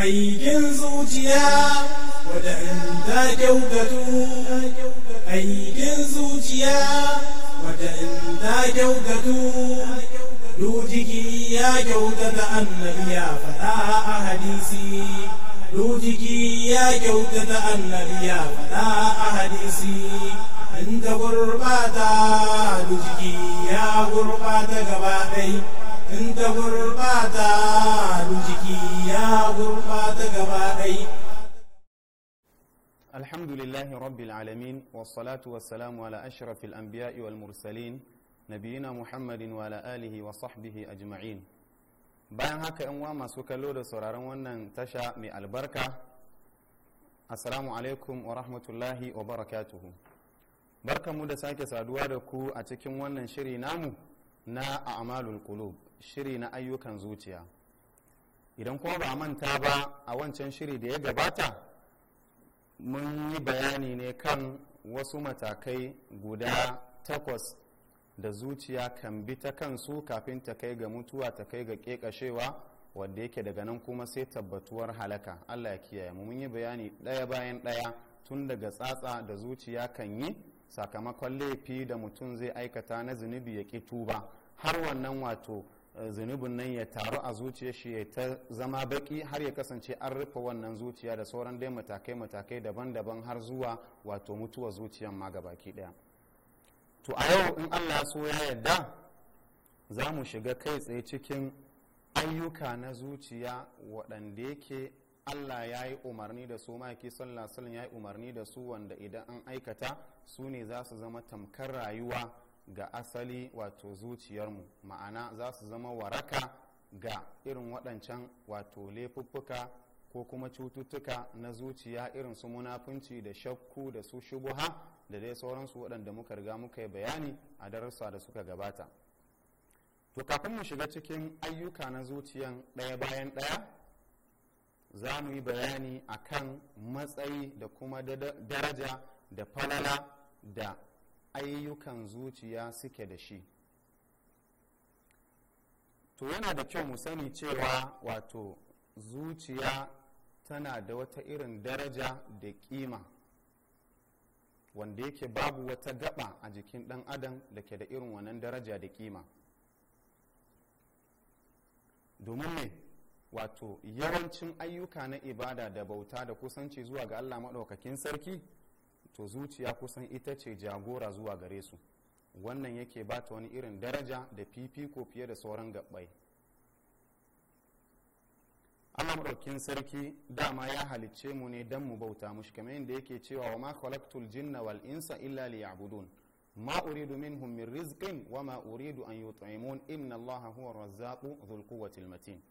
aikin zuciya waɗanda kyautatu aikin zuciya waɗanda kyautatu dujiki ya kyautata annabi ya faɗa a hadisi dujiki ya kyautata annabi ya faɗa a hadisi an ta gurɓata dujiki ya gurɓata gaba ɗaya in ta gurbata jiki ya gurbata gaba ɗai alhamdulillahi rabbil alamin wassalatu wassalamu ala ashrafil anbiya'i wal mursalin nabiyina muhammadin wa ala alihi wa sahbihi ajma'in bayan haka yan uwa masu kallo da sauraron wannan tasha mai albarka assalamu alaikum wa rahmatullahi wa barakatuhu barkanmu da sake saduwa da ku a cikin wannan shiri namu na a'malul qulub shiri na ayyukan zuciya idan kuma ba manta ba a wancan shiri da ya gabata mun yi bayani ne kan wasu matakai guda takwas da zuciya kan bi ta kansu kafin ta kai ga mutuwa ta kai ga kekashewa wadda yake daga nan kuma sai tabbatuwar halaka allah ya kiyaye mu mun yi bayani ɗaya bayan ɗaya tun daga tsatsa da zuciya kan yi sakamakon laifi da mutum zai aikata na zunubi ya ƙi tuba har wannan wato zunubin nan ya taru a zuciya shi ya ta zama baki har ya kasance an rufe wannan zuciya da sauran dai matakai-matakai daban-daban har zuwa wato mutuwa zuciyan ma baki daya to a yau in allah so ya yarda za mu shiga kai tsaye cikin ayyuka na zuciya waɗanda yake allah ya yi umarni da su maki sallah ya yi umarni da su wanda idan an aikata su ne za su zama tamkar rayuwa ga asali wato zuciyarmu ma'ana za su zama waraka ga irin waɗancan wato laifuffuka ko kuma cututtuka na zuciya irin su munafunci da shakku da su shubuha da dai sauransu waɗanda muka riga muka yi bayani a darussa da suka gabata to kafin mu shiga cikin ayyuka na zuciyan ɗaya bayan ɗaya za mu yi bayani akan matsayi da kuma daraja da falala da ayyukan zuciya suke da shi to yana da kyau mu sani cewa wato zuciya tana da wata irin daraja da kima wanda yake babu wata gaba a jikin dan adam da ke da irin wannan daraja da kima domin ne wato yawancin ayyuka na ibada da bauta da kusanci zuwa ga allah maɗaukakin sarki to zuciya kusan ita ce jagora zuwa gare su wannan yake ba ta wani irin daraja da fifiko fiye da sauran gabbai Allah maɗaukin sarki dama ya halicce mu ne don mu bauta mushi kamar yadda yake cewa wa ma khalaqtul jinna wal insa illa liya'budun ma uridu minhum min rizqin wa ma uridu an yut'imun inna Allah huwa razzaqu dhul quwwati matin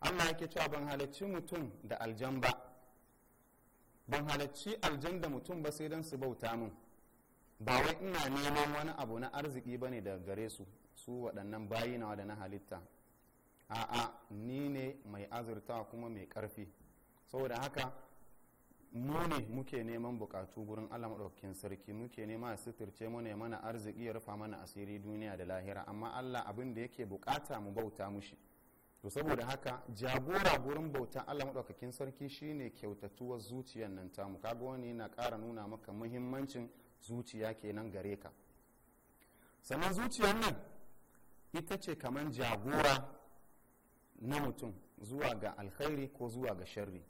Allah yake cewa ban halicci mutum da aljamba ban halarci da mutum ba sai don su bauta min ba wai ina neman wani abu na arziki ba ne daga gare su su waɗannan bayi nawa da na halitta a'a ni ne mai azurta kuma mai ƙarfi saboda haka mu ne muke neman bukatu gurin allah maɗaukakin sarki muke nema a suturce mu ne mana arziki ya rufa mana asiri duniya da lahira amma allah abin da yake bukata mu bauta mushi to saboda haka jagora gurin bauta, allah maɗaukakin sarki shine kyautatuwar zuciyar nan tamu kaga wani yana ƙara nuna maka muhimmancin zuciya kenan gare ka sannan zuciyar nan ita ce kamar jagora na mutum zuwa ga alkhairi ko zuwa ga sharri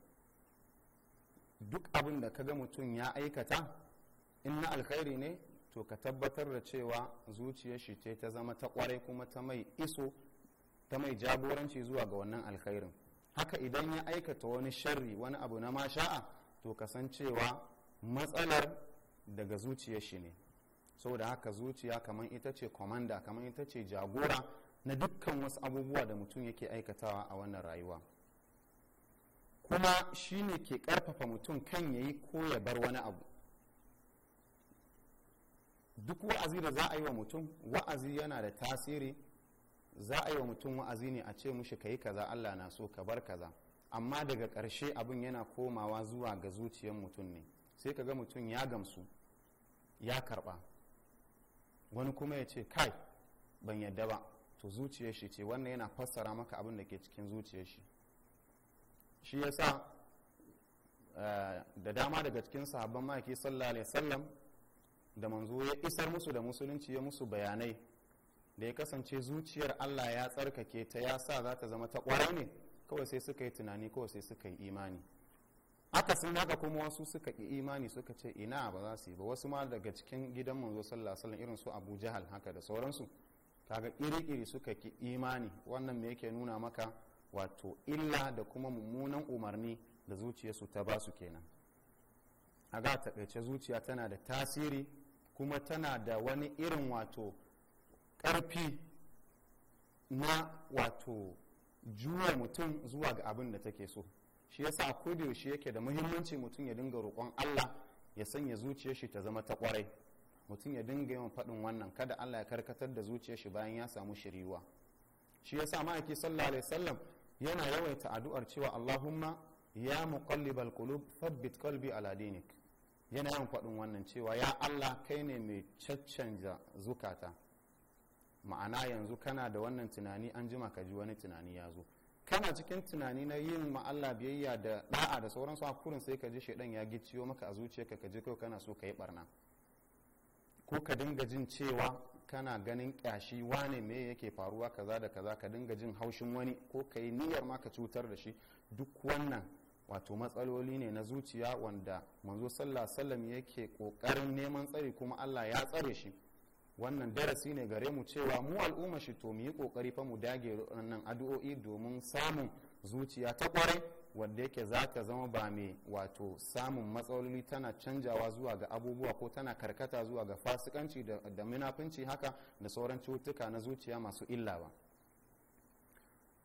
duk abin da kaga mutum ya aikata in na alkhairi ne to ka tabbatar da cewa zuciyar shi ce ta zama ta kwarai kuma ta mai iso ta mai jagoranci zuwa ga wannan alkhairin haka idan ya aikata wani sharri wani abu na masha'a to kasancewa matsalar daga zuciya shi ne saboda haka zuciya kamar ita ce komanda kamar ita ce jagora na dukkan wasu abubuwa da mutum yake aikatawa a wannan rayuwa kuma shi ne ke karfafa mutum kan yayi ko ya bar wani abu duk wa'azi da za a yi wa mutum wa'azi yana da tasiri za a yi wa mutum wa'azi ne a ce mushi kayi kaza Allah na so ka bar kaza amma daga ƙarshe abin yana komawa zuwa ga zuciyar mutum ne sai ka ga mutum ya gamsu ya karba wani kuma ya ce kai ban yadda ba to zuciyar shi ce wannan yana fassara maka abin da ke cikin zuciyar shi shi ya sa eh, da dama daga cikin sahabban maki sallallahu alaihi wasallam da manzo ya isar musu da musulunci ya musu bayanai da ya kasance zuciyar Allah ya tsarkake ta ya sa za ta zama ta kwarai ne kawai sai suka yi tunani kawai sai suka yi imani akasin haka kuma wasu suka yi imani suka ce ina ba za su yi ba wasu ma daga cikin gidan manzo sallallahu alaihi irin su Abu Jahal haka da sauransu kaga iri-iri suka ki imani wannan me yake nuna maka wato illa da kuma mummunan umarni da zuciyarsu ta basu kenan a ga zuciya tana da tasiri kuma tana da wani irin wato ƙarfi na wato juwa mutum zuwa ga abin da take so shi yasa kudu shi yake da muhimmanci mutum ya dinga roƙon Allah ya sanya zuciyar shi ta zama ta ƙwarai mutum ya dinga yawan faɗin wannan kada Allah ya karkatar da zuciyar shi bayan ya samu shiriwa shi yasa ma'aiki sallallahu alaihi wasallam yana yawaita addu'ar cewa Allahumma ya muqallibal qulub thabbit qalbi ala dinik yana yawan faɗin wannan cewa ya Allah kai ne mai caccanja zukata ma'ana yanzu kana da wannan tunani an jima ka ji wani tunani ya zo kana cikin tunani na yin ma biyayya da da'a da sauransu a kurin sai ka ji shaidan ya gicciyo maka a zuciyarka ka ji kai kana so ka yi barna ko ka dinga jin cewa kana ganin kyashi wane me yake faruwa kaza da kaza ka dinga jin haushin wani ko ka yi niyyar ma ka cutar da shi duk wannan wato matsaloli ne na zuciya wanda manzo sallah sallam yake kokarin neman tsari kuma Allah ya tsare shi wannan darasi ne gare mu cewa mu al'umma shi to mu yi kokari fa mu dage wannan addu'o'i domin samun zuciya ta kwarai wanda yake za ta zama ba mai wato samun matsaloli tana canjawa zuwa ga abubuwa ko tana karkata zuwa ga fasikanci da, munafunci haka da sauran cutuka na zuciya masu illa ba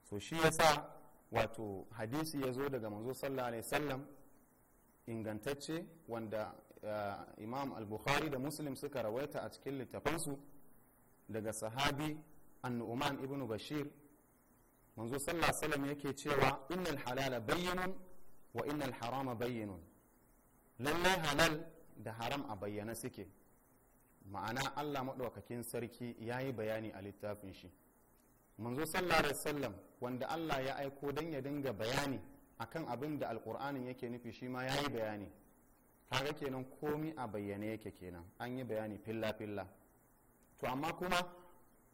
so shi yasa wato hadisi ya zo daga manzo sallallahu alaihi wasallam ingantacce wanda imam al-bukhari da muslim suka rawaita a cikin littafansu daga sahabi annu'uman ibn bashir manzo sallallahu alaihi wasallam yake cewa innal halala bayyinun wa innal harama bayyinun lallai halal da haram a bayyana suke ma'ana allah maɗaukakin sarki ya yi bayani a littafin shi manzo sallallahu alaihi wasallam wanda allah ya aiko don ya dinga bayani akan abin da alƙur'anin yake nufi shi ma ya yi bayani kaga kenan komi a bayyane yake kenan an yi bayani filla filla to amma kuma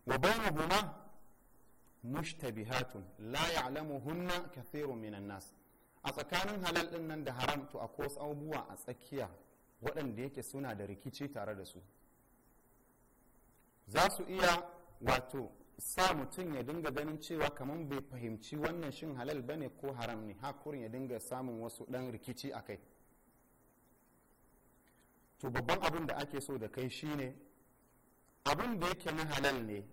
wa huma mushtabihatun la ya'lamuhunna kathirun minan nas a tsakanin halal din nan da haram to a wasu abubuwa a tsakiya waɗanda yake suna da rikici tare da su za su iya wato sa mutum ya dinga ganin cewa kamar bai fahimci wannan shin halal bane ko haram ne hakurin ya dinga samun wasu ɗan rikici a kai to babban abin da ake so da kai shine abin da yake na halal ne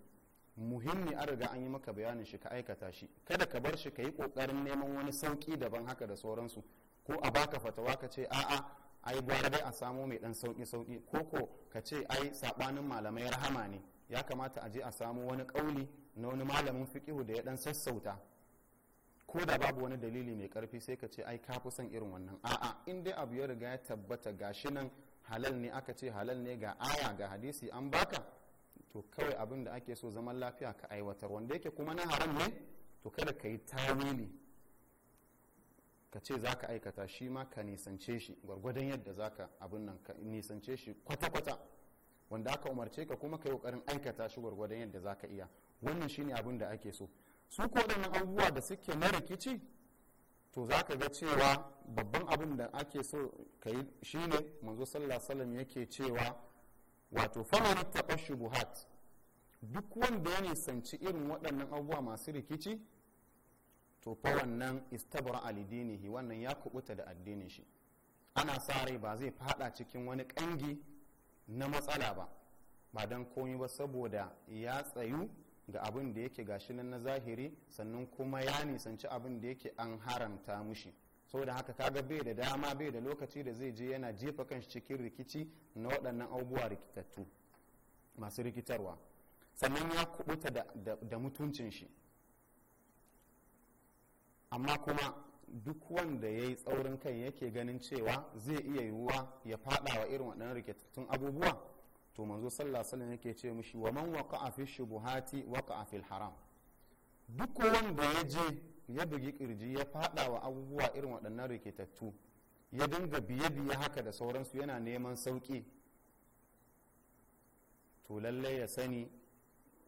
muhimmi an riga an yi maka bayanin shi ka aikata shi kada ka bar shi ka yi kokarin neman wani sauki daban haka da sauransu ko a baka fatawa ka ce a'a ai gwara dai a samo mai dan sauki sauki ko ko ka ce ai sabanin malamai rahama ne ya kamata a je a samo wani kauli na wani malamin fiqihu da ya dan sassauta ko da babu wani dalili mai karfi sai ka ce ai ka fi son irin wannan a'a in dai abu ya riga ya tabbata gashi nan halal ne aka ce halal ne ga aya ga hadisi an baka to kawai abin da ake so zaman lafiya ka aiwatar wanda yake kuma na haram ne to kada ka yi tawili ka ce za ka aikata shi ma ka nisance shi gwargwadon yadda za ka abin nan ka nisance shi kwata-kwata wanda aka umarce ka kuma ka yi kokarin aikata shi gwargwadon yadda za ka iya wannan shine abin da ake so su ko abubuwa da suke na rikici to za ka ga cewa babban abin da ake so ka yi shi shine manzo sallallahu alaihi yake cewa wato famanin taɓa shubuhat duk wanda ya nisanci irin waɗannan abubuwa masu rikici to fa wannan istabra alidinihi wannan ya kubuta da addinin shi ana sa rai ba zai fada cikin wani kangi na matsala ba ba don komi ba saboda ya tsayu ga abin da yake gashi nan na zahiri sannan kuma ya nisanci abin da yake an haramta mushi saboda haka kaga bai da dama bai da lokaci da zai je yana jefa kanshi cikin rikici na waɗannan abubuwa rikitattu masu rikitarwa sannan ya kubuta da, mutuncin shi amma kuma duk wanda ya yi tsaurin kan yake ganin cewa zai iya yiwuwa ya faɗawa irin waɗannan rikitattun abubuwa to manzo sallallahu alaihi yake ce mushi wa man waqa'a fi shubuhati waqa'a fil haram duk wanda ya je ya bugi kirji ya fada wa abubuwa irin waɗannan rikitattu ya dinga biye biye haka da sauransu yana neman sauki to lallai ya sani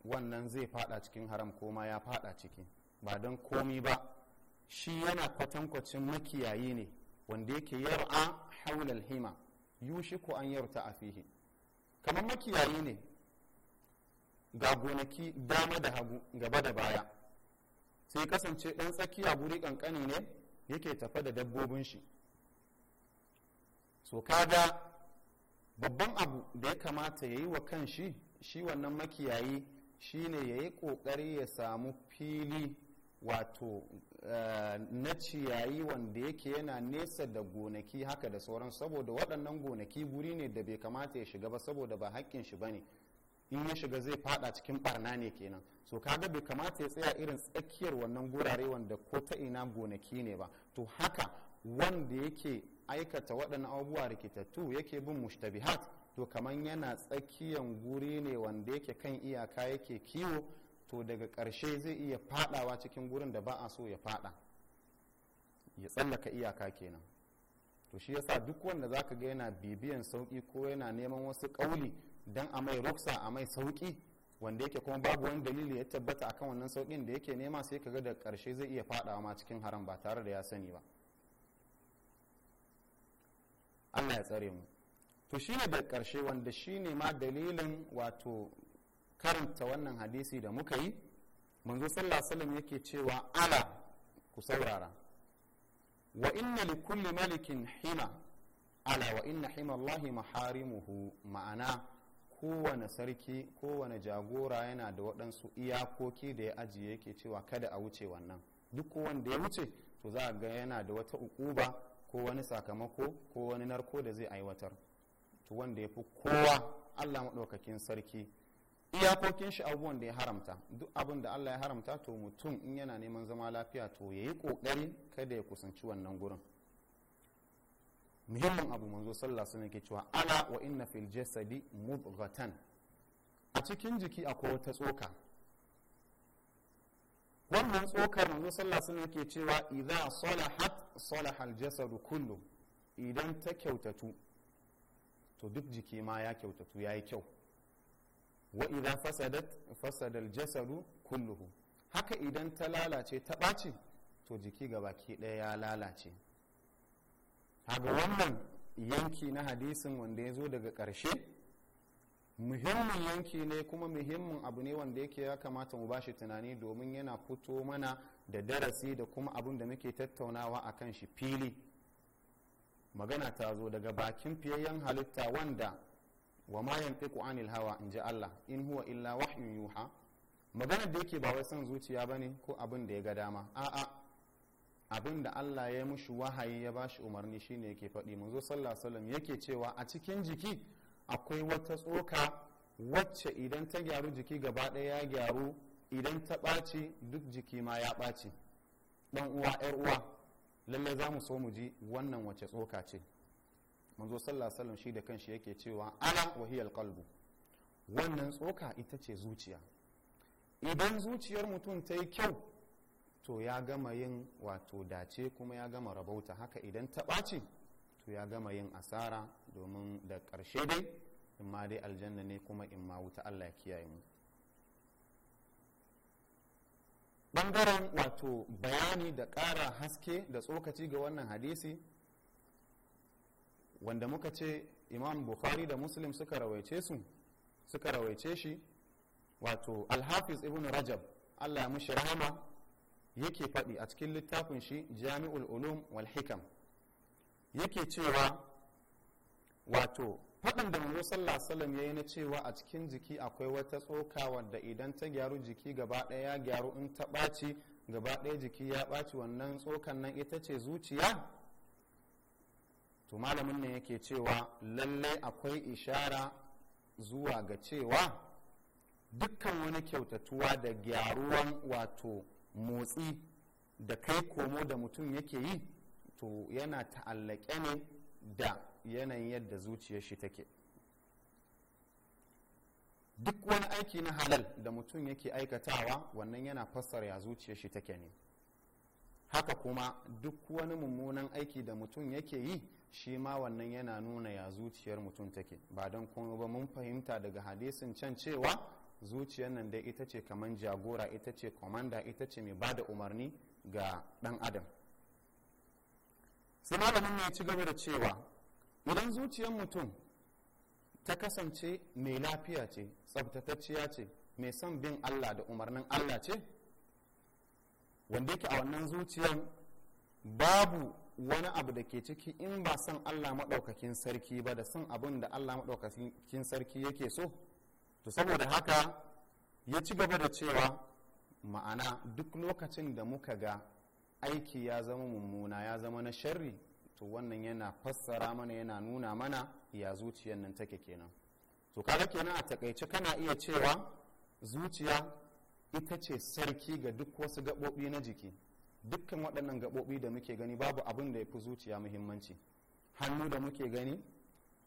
wannan zai fada cikin haram ko ma ya fada ciki ba don komi ba shi yana kwatankwacin makiyayi ne wanda yake yar'a haulal hima yushiku an yarta a fihi kamar makiyayi ne ga gonaki dama da hagu gaba da baya sai kasance ɗan tsakiya guri ƙanƙani ne yake tafa da dabbobin shi so kaga babban abu da ya kamata ya yi wa kan shi shi wannan makiyayi shine ya yi ƙoƙari ya samu fili wato eh, na ciyayi wanda yake yana nesa da gonaki haka da sauran saboda waɗannan gonaki guri ne da bai kamata ya shiga ba saboda ba haƙƙin shi ba ne in ya shiga zai fada cikin barna ne kenan so kaga bai kamata ya tsaya irin tsakiyar wannan gurare wanda ko ta ina gonaki ne ba to haka wanda yake aikata waɗannan abubuwa rikitattu yake bin mushtabihat to kamar yana tsakiyan guri ne wanda yake kan iyaka yake kiwo to daga ƙarshe zai iya fadawa cikin gurin da ba a so ya fada ya tsallaka iyaka kenan to shi yasa duk wanda zaka ga yana bibiyan sauki ko yana neman wasu ƙauli dan a mai ruksa a mai sauki wanda yake kuma babu wani dalili ya tabbata akan wannan saukin da yake nema sai kaga da ƙarshe zai iya fadawa ma cikin haram ba tare da ya sani ba Allah ya tsare mu to shine da ƙarshe wanda shine ma dalilin wato karanta wannan hadisi da muka yi manzo sallallahu alaihi wasallam yake cewa ala ku saurara wa inna li kulli malikin hima ala wa inna hima allahi maharimuhu ma'ana kowane sarki kowane jagora yana da waɗansu iyakoki da ya ajiye yake cewa kada a wuce wannan duk wanda ya wuce to za a ga yana da wata ukuba ko wani sakamako ko wani narko da zai aiwatar to wanda ya fi kowa allah maɗaukakin sarki iyakokin shi abubuwan da ya haramta duk abin da Allah ya haramta to mutum in yana neman zama lafiya to ya yi kokari kada ya kusanci wannan gurin muhimmin abu manzo sallah suna ke cewa ala wa inna fil jasadi mudghatan a cikin jiki akwai wata tsoka wannan tsokar manzo sallah suna ke cewa idza salahat salaha al jasadu kullu idan ta kyautatu to duk jiki ma ya kyautatu yayi kyau wa idan fasadat fasadal jasadu kulluhu haka idan ta lalace ta ɓaci to jiki gabaki ɗaya ya lalace haga wannan yanki na hadisin wanda ya zo daga ƙarshe muhimmin yanki ne kuma muhimmin abu ne wanda yake ya kamata mu bashi tunani domin yana fito mana da darasi da kuma abin da muke tattaunawa a kan shi fili magana ta zo daga bakin fiyayyen halitta wanda wa ma yantiqu anil hawa in ji Allah in huwa illa wahyun yuha maganar da yake ba wai son zuciya bane ko abin da ya ga dama a'a abin da Allah ya yi mushi wahayi ya bashi umarni shine yake faɗi manzo sallallahu alaihi wasallam yake cewa a cikin jiki akwai wata tsoka wacce idan ta gyaru jiki gaba ɗaya ya gyaru idan ta ɓaci duk jiki ma ya ɓaci ɗan uwa 'yar uwa lalle za mu so mu ji wannan wace tsoka ce manzo sallallahu alaihi wasallam shi da kanshi yake cewa ala wa qalbu wannan tsoka ita ce zuciya idan zuciyar mutum ta yi kyau to ya gama yin wato dace kuma ya gama rabauta haka idan ta ɓaci to ya gama yin asara domin da ƙarshe dai in ma dai aljanna ne kuma in ma wuta allah kiyaye mu ɓangaren wato bayani da ƙara haske da tsokaci ga wannan hadisi wanda muka ce imam bukhari da muslim suka rawaice su suka rawaice shi wato alhafiz ibn rajab allah ya mushi rahama yake faɗi a cikin littafin shi jami'ul ulum wal hikam yake cewa wato faɗin da manzo sallallahu ya yi na cewa a cikin jiki akwai wata tsoka wadda idan ta gyaru jiki gaba ɗaya ya gyaru in ta ɓaci gaba ɗaya jiki ya ɓaci wannan tsokan nan ita ce zuciya to malamin nan yake cewa lallai akwai ishara zuwa ga cewa dukkan wani kyautatuwa da gyaruwan wato motsi da kai komo da mutum yake yi to yana ta'allake ne da yanayin yadda zuciyar shi take duk wani aiki na halal da mutum yake aikatawa wannan yana fassara ya zuciyar shi take ne haka kuma duk wani mummunan aiki da mutum yake yi shi ma wannan yana nuna ya zuciyar mutum take ba don kuma ba mun fahimta daga hadisin can cewa zuciyar nan dai ita ce kamar jagora ita ce komanda ita ce mai ba da umarni ga dan adam sai malamin ya ci gaba da cewa idan zuciyar mutum ta kasance mai lafiya ce tsabtatacciya ce mai son bin allah da umarnin allah ce wanda yake a wannan zuciyar babu wani abu da ke ciki in ba son allah maɗaukakin sarki ba da son abin da allah maɗaukakin sarki yake so to saboda haka ya ci gaba da cewa ma'ana duk lokacin da muka ga aiki ya zama mummuna ya zama na sharri to wannan yana fassara mana yana nuna mana ya zuciyar nan take kenan to kaga kenan a takaice kana iya cewa zuciya ita ce sarki ga duk wasu gaɓoɓi na jiki dukkan waɗannan gaɓoɓi da muke gani babu abin da ya fi zuciya muhimmanci hannu da muke gani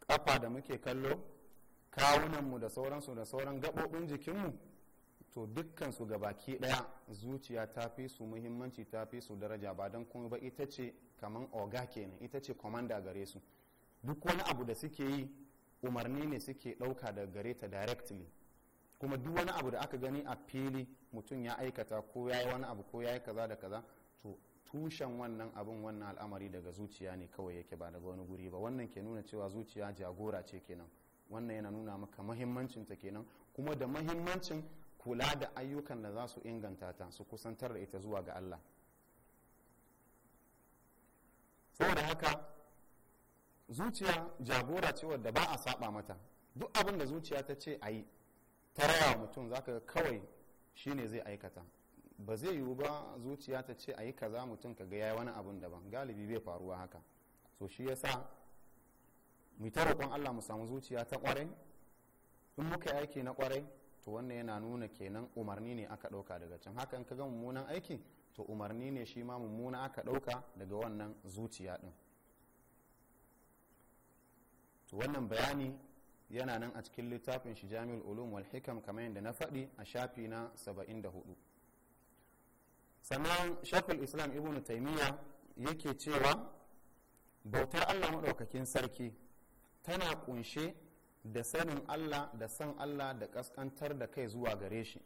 ƙafa da muke kallo kawunanmu da sauransu da sauran gaɓoɓin jikinmu to dukkan su baki ɗaya zuciya ta fi su muhimmanci ta fi su daraja ba don kuma ba ita ce kaman oga kenan ita ce komanda gare su duk wani abu da suke yi umarni ne suke ɗauka daga gare ta directly kuma duk wani abu da aka gani a fili mutum ya aikata ko ya yi wani abu ko ya yi kaza da kaza to tushen wannan abin wannan al'amari daga zuciya ne kawai yake ba daga wani guri ba wannan ke nuna cewa zuciya jagora ce kenan wannan yana nuna maka mahimmancin ta kenan kuma da mahimmancin kula da ayyukan da za su inganta ta su kusantar da ita zuwa ga Allah saboda haka zuciya jagora ce wadda ba a saba mata duk abin da zuciya ta ce a yi ta mutum zaka ga kawai shine zai aikata ba zai yiwu ba zuciya ta ce a yi kaza mutum ka ga wani abun daban galibi bai faruwa haka so shi yasa mu ta roƙon Allah mu samu zuciya ta kwarai in muka aiki na kwarai to wannan yana nuna kenan umarni ne aka ɗauka daga can hakan ka ga mummunan aiki to umarni ne shi ma mummuna aka ɗauka daga wannan zuciya din to wannan bayani yana nan a cikin littafin shi jami'ul ulum wal hikam kamar yadda na faɗi a shafi na 74 sannan shafin islam ibn taimiyya yake cewa bautar allah maɗaukakin sarki tana kunshe da sanin allah da san allah da ƙasƙantar da kai zuwa gare shi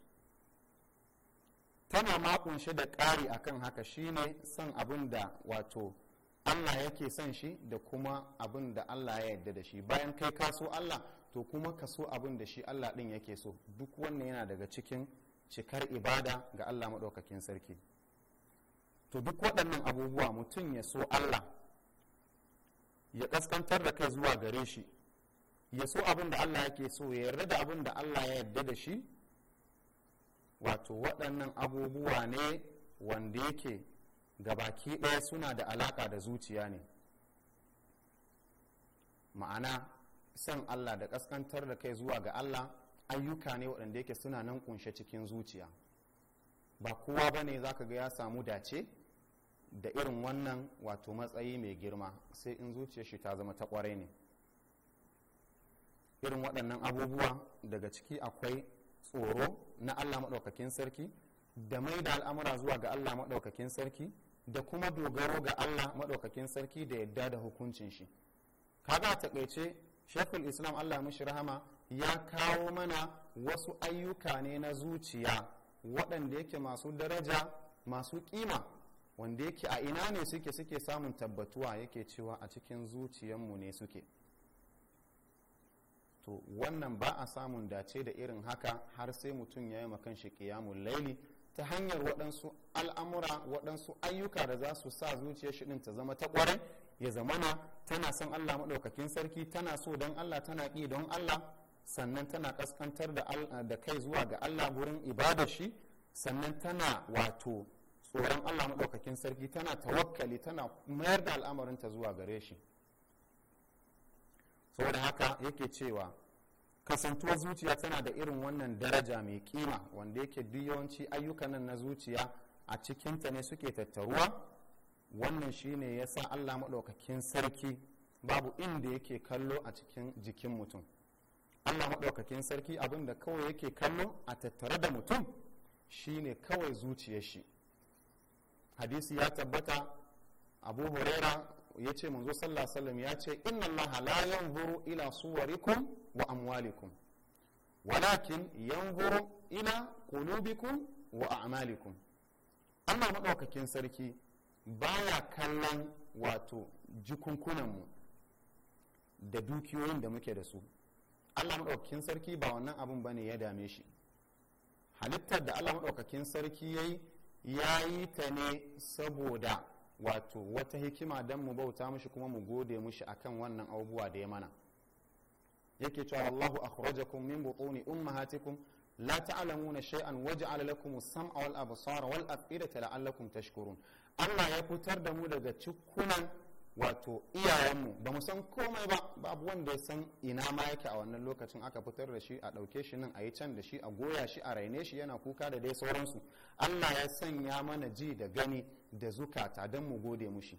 tana ma kunshe da ƙari akan haka shine san abin da wato Allah yake son shi da kuma abin da Allah ya yarda da shi bayan kai ka so Allah to kuma ka so abin da shi Allah din yake so duk wannan yana daga cikin cikar ibada ga Allah maɗaukakin sarki to duk waɗannan abubuwa mutum ya so Allah ya ƙasƙantar da kai zuwa gare shi ya so abin da Allah yake so ya yarda da abin da Allah ya yarda da shi wato waɗannan abubuwa ne wanda yake Ga baki ɗaya suna da alaƙa da zuciya ne ma'ana son allah da ƙasƙantar da kai zuwa ga allah ayyuka ne waɗanda yake suna nan kunshe cikin zuciya ba kowa ba ne za ka ga ya samu dace da irin wannan wato matsayi mai girma sai in zuciya shi ta zama ta kwarai ne irin waɗannan abubuwa daga ciki akwai tsoro na allah maɗaukakin sarki da mai da al'amura zuwa ga allah maɗaukakin sarki da kuma dogaro ga allah maɗaukakin sarki da yadda da hukuncin shi kaga a taƙaice shekul islam allah mishi rahama ya kawo mana wasu ayyuka ne na zuciya waɗanda yake masu daraja masu ƙima wanda yake a ina ne suke suke samun tabbatuwa yake cewa a cikin zuciyanmu ne suke to wannan ba a samun dace da irin haka har sai mutum ya yi makan shi kiyamun laili ta hanyar waɗansu al'amura waɗansu ayyuka da za su sa zuciyar shi ta zama ta ƙwarai ya zamana tana son allah maɗaukakin sarki tana so don allah tana ƙi don allah sannan tana ƙasƙantar da kai zuwa ga allah wurin ibadar shi sannan tana wato tsoron allah maɗaukakin sarki tana tawakkali tana mayar da al'amarin ta zuwa gare shi saboda haka yake cewa kasantuwar zuciya tana da irin wannan daraja mai kima wanda yake duk yawanci ayyukan na zuciya a cikinta ne suke tattaruwa wannan shine ya sa allah maɗaukakin sarki babu inda yake kallo a cikin jikin mutum allah maɗaukakin sarki da kawai yake kallo a tattare da mutum shine kawai zuciyar shi hadisi ya tabbata abu huraira ya ce manzo sallallahu alaihi wasallam ya ce inna allaha la yanzuru ila suwarikum wa amwalikum walakin yanzuru ila qulubikum wa a'malikum Allah madaukakin sarki baya kallon wato mu da dukiyoyin da muke da su Allah madaukakin sarki ba wannan abun bane ya dame shi halittar da Allah madaukakin sarki yayi yayi ta ne saboda wato wata hikima don mu bauta mushi kuma mu gode mushi akan wannan abubuwa da ya mana yake cewa Allahu akhrajakum min butuni ummahatikum la ta'lamuna shay'an waj'ala lakum as-sam'a wal absara wal af'idata la'allakum tashkurun Allah ya fitar da mu daga cikunan wato iyayenmu ba mu san komai ba babu wanda ya san ina ma yake a wannan lokacin aka fitar da shi a ɗauke shi nan a yi can da shi a goya shi a raine shi yana kuka da dai sauransu allah ya sanya mana ji da gani da zukata don mu gode mushi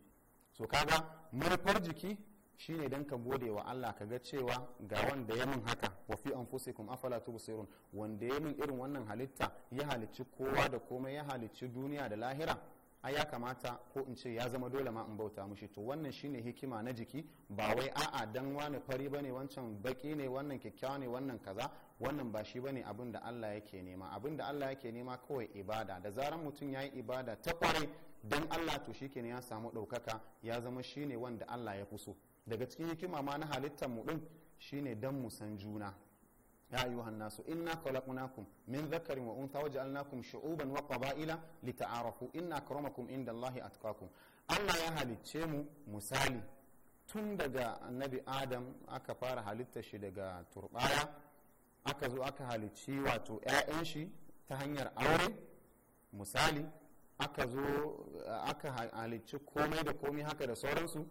so kaga manufar jiki shine don ka gode wa allah ka ga cewa ga wanda ya min haka wa fi anfusikum afala tubsirun wanda ya min irin wannan halitta ya halicci kowa da komai ya halicci duniya da lahira a ya kamata ko in ce ya zama dole ma in bauta mushi to wannan shine hikima na jiki ba wai a'a dan wani fari bane wancan baki ne wannan kyakkyawa ne wannan kaza wannan ba shi bane abin da Allah yake nema abin da Allah yake nema kawai ibada da zaran mutum yayi ibada ta kware dan Allah to shikenan ya samu ɗaukaka ya zama shine wanda Allah ya fi daga cikin hikima ma na halittar mu din shine dan mu san juna ya ayyuhan nasu inna khalaqnakum min dhakarin wa untha waja'alnakum shu'uban wa qaba'ila lita'arafu inna akramakum indallahi atqakum Allah ya halicce mu misali tun daga annabi adam aka fara halitta shi daga turbaya aka zo aka halicci wato 'ya'yan shi ta hanyar aure misali aka zo aka halicci komai da komai haka da sauransu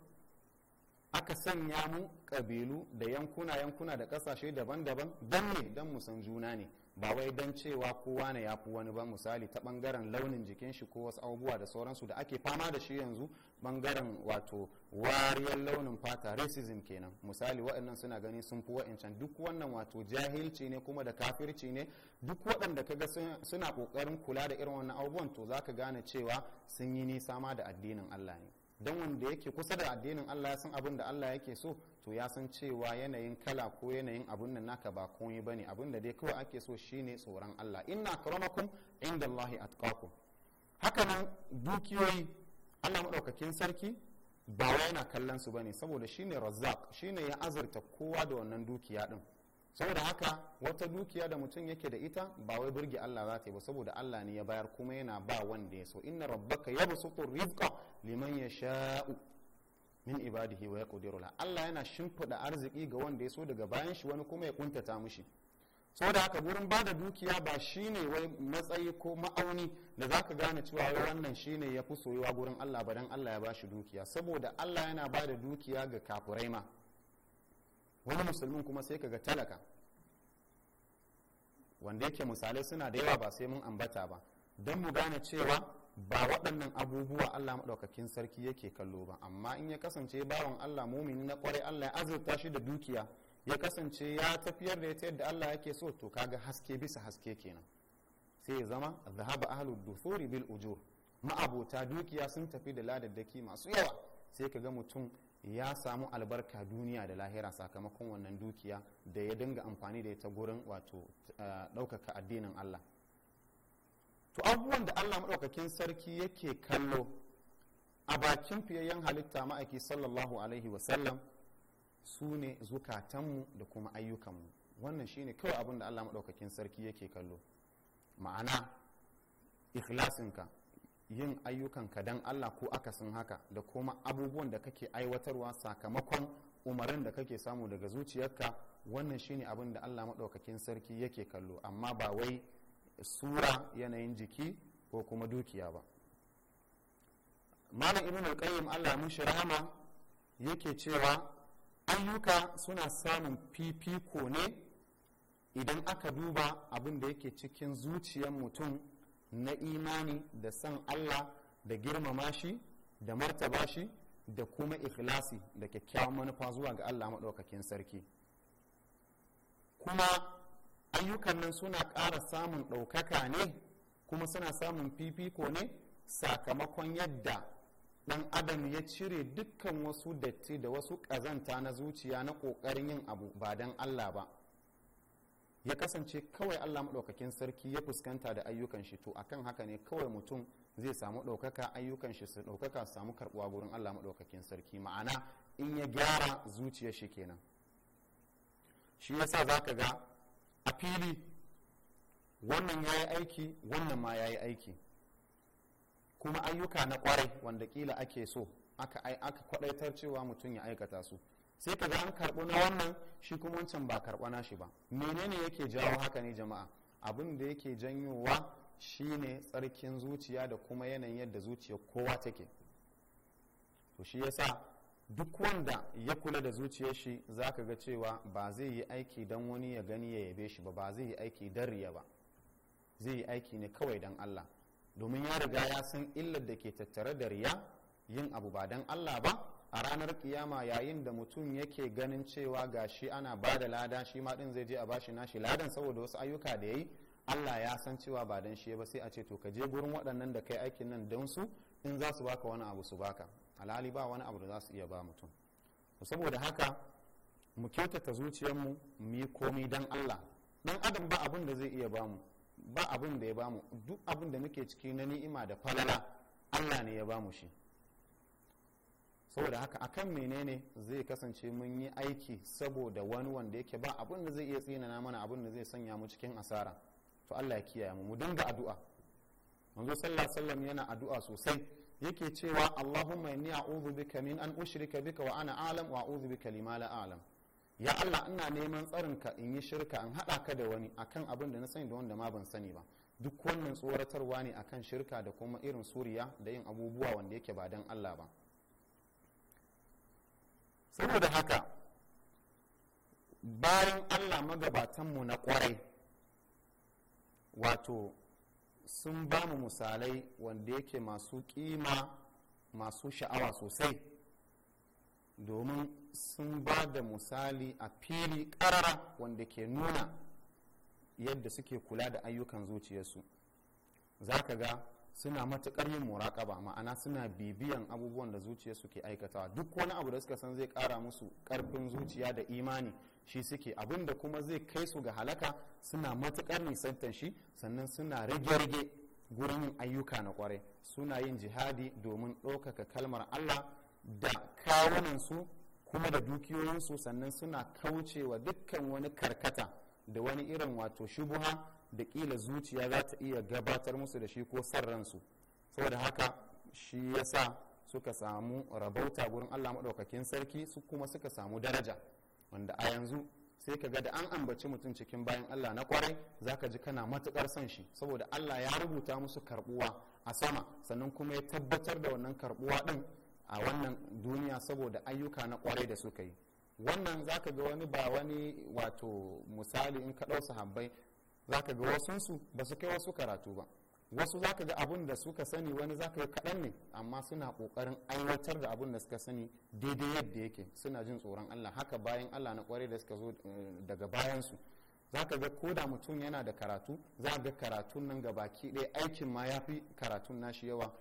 aka sanya mu ƙabilu da yankuna yankuna da ƙasashe daban-daban don ne don mu juna ne ba wai don cewa kowa na yafi wani ba misali ta ɓangaren launin jikin shi ko wasu abubuwa da sauransu da ake fama da shi yanzu ɓangaren wato wariyar launin fata racism kenan misali waɗannan suna gani sun fi wa'ancan duk wannan wato jahilci ne kuma da kafirci ne duk waɗanda ka ga suna ƙoƙarin kula da irin wannan abubuwan to za ka gane cewa sun yi nisa ma da addinin Allah ne don wanda yake kusa da addinin Allah ya san abin da Allah yake so to ya san cewa yanayin kala ko yanayin abin nan naka ba komai bane abin da dai kawai ake so shine tsoron Allah inna akramakum indallahi atqakum haka nan dukiyoyi Allah madaukakin sarki ba wai yana kallon su bane saboda shine razzaq shine ya azurta kowa da wannan dukiya din saboda haka wata dukiya da mutum yake da ita ba wai burge Allah za ta yi ba saboda Allah ne ya bayar kuma yana ba wanda ya so inna rabbaka yabsutu rizqa liman ya sha'u min ibadihi wa yaqdiru la Allah yana shimfida arziki ga wanda ya so daga bayan shi wani kuma ya kuntata mushi saboda haka gurin ba da dukiya ba shine wai matsayi ko ma'auni da zaka gane cewa wannan shine ya fi soyuwa gurin Allah ba dan Allah ya bashi dukiya saboda Allah yana ba da dukiya ga kafirai ma wani musulmin kuma sai ka ga talaka wanda yake misalai suna da yawa ba sai mun ambata ba don mu gane cewa ba waɗannan abubuwa Allah maɗaukakin sarki yake kallo ba amma in ya kasance bawan Allah mumini na ƙwarai Allah ya azurta shi da dukiya ya kasance ya tafiyar da ta yadda Allah yake so to kaga haske bisa haske kenan sai ya zama zahaba ahlu dufuri bil ujur ma'abota dukiya sun tafi da ladaddaki masu yawa sai ka ga mutum ya samu albarka duniya da lahira sakamakon wannan dukiya da ya dinga amfani da ita gurin wato eh, ɗaukaka addinin Allah to abubuwan da Allah maɗaukakin sarki yake kallo a bakin fiyayyen halitta ma'aiki sallallahu alaihi wasallam su ne zukatanmu da kuma ayyukanmu wannan shi ne kawai abin da Allah maɗaukakin sarki yake kallo ma'ana ikhlasinka yin ayyukanka don allah ko aka akasin haka da kuma abubuwan da kake aiwatarwa sakamakon umarin da kake samu daga zuciyarka wannan shine abin da allah maɗaukakin sarki yake kallo amma ba wai sura yanayin jiki ko kuma dukiya ba malam ibn al-qayyim allah mun rahama yake cewa ayyuka suna samun fifiko ne idan aka duba abin da yake cikin zuciyar mutum na imani da san Allah da girmama shi da martaba shi da kuma ikhlasi da kyakkyawan manufa zuwa ga Allah maɗaukakin sarki kuma ayyukan nan suna ƙara samun ɗaukaka ne kuma suna samun fifiko ne sakamakon yadda ɗan adam ya cire dukkan wasu datti da wasu ƙazanta na zuciya na ƙoƙarin yin abu ba don Allah ba ya kasance kawai allah maɗaukakin sarki ya fuskanta da ayyukan shi to akan haka ne kawai mutum zai samu ɗaukaka ayyukan shi su ɗaukaka su samu karɓuwa gurin allah maɗaukakin sarki ma'ana in ya gyara zuciyar shi kenan shi yasa za ka ga a fili wannan ya yi aiki wannan ma ya yi aiki kuma ayyuka na kwarai wanda kila ake so aka, kwaɗaitar cewa mutum ya aikata su sai ka ga an karɓi na wannan shi kuma wancan ba karɓa na shi ba menene yake jawo haka ne jama'a abin da yake janyowa shine tsarkin zuciya da kuma yanayin yadda zuciyar kowa take to shi yasa duk wanda ya kula da zuciyar shi za ka ga cewa ba zai yi aiki don wani ya gani ya yabe shi ba ba zai yi aiki don riya ba zai yi aiki ne kawai don Allah domin ya riga ya san illar da ke tattare da riya yin abu ba don Allah ba a ranar kiyama yayin da mutum yake ganin cewa gashi ana ba da lada shi ma din zai je a bashi nashi ladan saboda wasu ayyuka da yayi Allah ya san cewa ba dan shi ba sai a ce to ka je gurin waɗannan da kai aikin nan don su in za su baka wani abu su baka alhali ba wani abu da za su iya ba mutum saboda haka mu kyautata zuciyarmu mu yi komai dan Allah dan adam ba abin da zai iya ba mu ba abin da ya ba mu duk abin da muke ciki na ni'ima da falala Allah ne ya ba mu shi saboda haka akan menene zai kasance mun yi aiki saboda wani wanda yake ba abin da zai iya tsinana mana abin da zai sanya mu cikin asara to Allah ya kiyaye mu mu dinga addu'a manzo sallallahu alaihi wasallam yana addu'a sosai yake cewa Allahumma inni a'udhu bika min an ushrika bika wa ana a'lam wa a'udhu bika lima la a'lam ya Allah ina neman tsarin ka in yi shirka in hada ka da wani akan abin da na sani da wanda ma ban sani ba duk wannan tsoratarwa ne akan shirka da kuma irin suriya da yin abubuwa wanda yake ba dan Allah ba saboda haka bayan allah magabatanmu na kwarai wato sun ba mu misalai wanda yake masu kima masu sha'awa sosai domin sun ba da misali a fili karara wanda ke nuna yadda suke kula da ayyukan zuciyarsu za ka ga suna matukar yin muraƙaba ma'ana suna bibiyan abubuwan da zuciya suke aikatawa duk wani abu da suka san zai ƙara musu ƙarfin zuciya da imani shi suke abin da kuma zai kai su ga halaka suna matukar nisantar shi sannan suna rage-rage gurin yin ayyuka na kwarai suna yin jihadi domin ɗaukaka kalmar allah da kawunansu kuma da dukiyoyinsu sannan suna kaucewa dukkan wani karkata da wani irin wato shubuha da kila zuciya za ta iya gabatar musu da shi ko san ransu saboda haka shi yasa suka samu rabauta gurin Allah maɗaukakin sarki su kuma suka samu daraja wanda a yanzu sai ka ga da an ambaci mutum cikin bayan Allah na kwarai zaka ji kana matukar son shi saboda Allah ya rubuta musu karbuwa a sama sannan kuma ya tabbatar da wannan karbuwa din a wannan duniya saboda ayyuka na kwarai da suka yi wannan zaka ga wani ba wani wato misali in ka ɗau sahabbai zaka ga wasunsu ba su kai wasu karatu ba wasu zaka ga abun da suka sani wani zaka ga kaɗan ne amma suna ƙoƙarin aiwatar da abun da suka sani daidai yadda yake suna jin tsoron allah haka bayan allah na kware da suka zo eh, daga bayansu zaka ga ko da mutum yana da karatu za ga karatun nan baki ɗaya aikin ma ya fi karatun nashi yawa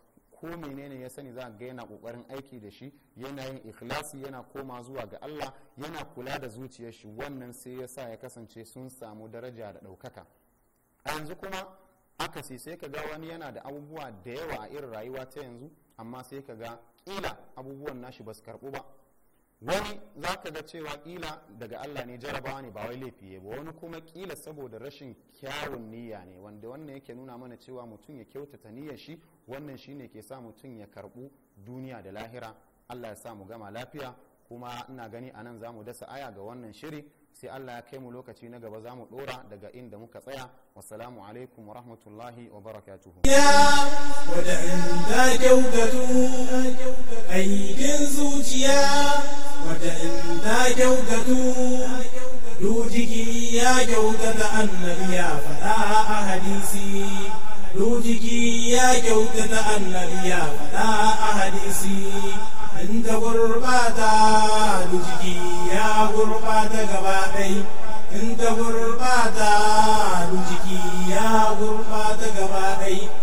ko menene ya sani za ga yana kokarin aiki da shi yana yin ikhlasi yana koma zuwa ga Allah yana kula da zuciyar shi wannan sai ya sa ya kasance sun samu daraja da ɗaukaka a yanzu kuma akasi sai ka ga wani yana da abubuwa da yawa a irin rayuwa ta yanzu amma sai ka ga kila abubuwan nashi ba su karɓu ba wani za ka ga cewa ƙila daga allah ne jarabawa ne ba wai laifi ba wani kuma ƙila saboda rashin kyawun niyya ne wanda wannan yake nuna mana cewa mutum ya kyautata niyyar shi wannan shi ne ke sa mutum ya karɓu duniya da lahira allah ya sa mu gama lafiya kuma ina gani a nan za mu dasa aya ga wannan shiri sai allah ya kai mu lokaci na gaba za mu dora daga inda muka tsaya wasalamu alaikum wa rahmatullahi wa barakatuhu kyautatu aikin zuciya وتئنتا جودة لوجك يا جودة النبي فدا أحديثي أنت غرباتا لوجك يا غرباتا غباتي